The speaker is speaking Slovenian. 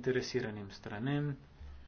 zainteresiranim stranem.